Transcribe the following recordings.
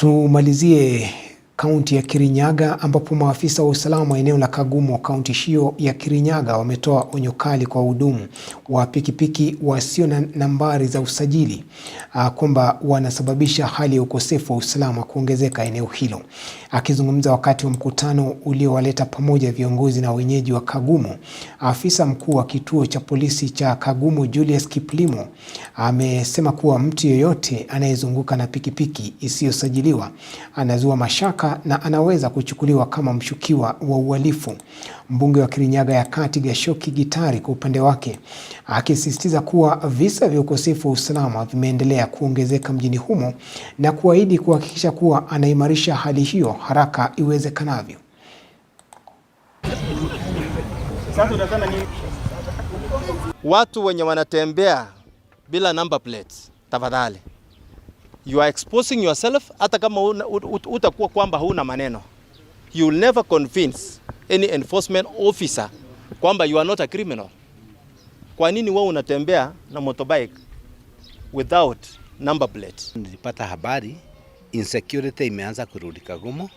tumalizie kaunti ya Kirinyaga ambapo maafisa wa usalama eneo la Kagumo kaunti hiyo ya Kirinyaga wametoa onyo kali kwa wahudumu wa pikipiki wasio na nambari za usajili ah, kwamba wanasababisha hali ya ukosefu wa usalama kuongezeka eneo hilo. Akizungumza wakati wa mkutano uliowaleta pamoja viongozi na wenyeji wa Kagumo, afisa mkuu wa kituo cha polisi cha Kagumo Julius Kiplimo amesema kuwa mtu yeyote anayezunguka na pikipiki isiyosajiliwa anazua mashaka na anaweza kuchukuliwa kama mshukiwa wa uhalifu. Mbunge wa Kirinyaga ya Kati Gashoki Gitari kwa upande wake akisisitiza kuwa visa vya ukosefu wa usalama vimeendelea kuongezeka mjini humo na kuahidi kuhakikisha kuwa anaimarisha hali hiyo haraka iwezekanavyo. Watu wenye wanatembea bila number plates, tafadhali you are exposing yourself, hata kama utakuwa kwamba huna maneno. You will never convince any enforcement officer kwamba you are not a criminal. Kwa nini wewe unatembea na motorbike without number plate? Nilipata habari insecurity imeanza kurudi Kagumo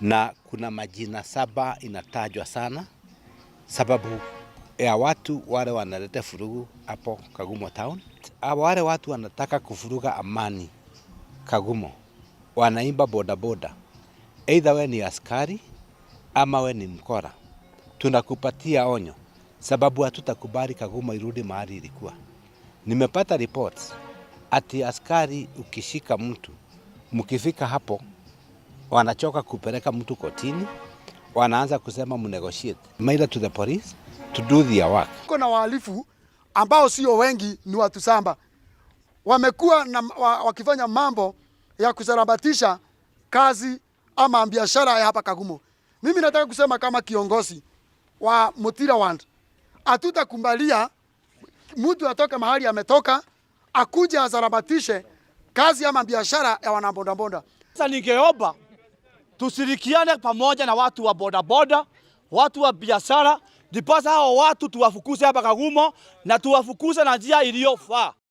na kuna majina saba inatajwa sana sababu ya watu wale wanaleta furugu hapo Kagumo town. Ah, wale watu wanataka kufuruga amani Kagumo, wanaimba boda. aidha we ni askari ama we ni mkora, tunakupatia onyo, sababu hatutakubali Kagumo irudi mahali ilikuwa. Nimepata reports ati askari ukishika mtu, mkifika hapo wanachoka kupeleka mtu kotini wanaanza kusema mnegotiate maida to the police to do their work. Kuna na wahalifu ambao sio wengi, ni watu samba, wamekuwa na wa, wakifanya mambo ya kusarabatisha kazi ama biashara ya hapa Kagumo. Mimi nataka kusema kama kiongozi wa Mutira Ward, hatutakubalia mtu atoka mahali ametoka akuje asarabatishe kazi ama biashara ya wanabondabonda. Sasa ningeomba tushirikiane pamoja na watu wa bodaboda, watu wa biashara, ndiposa hao watu tuwafukuze hapa Kagumo na tuwafukuze na njia iliyofaa.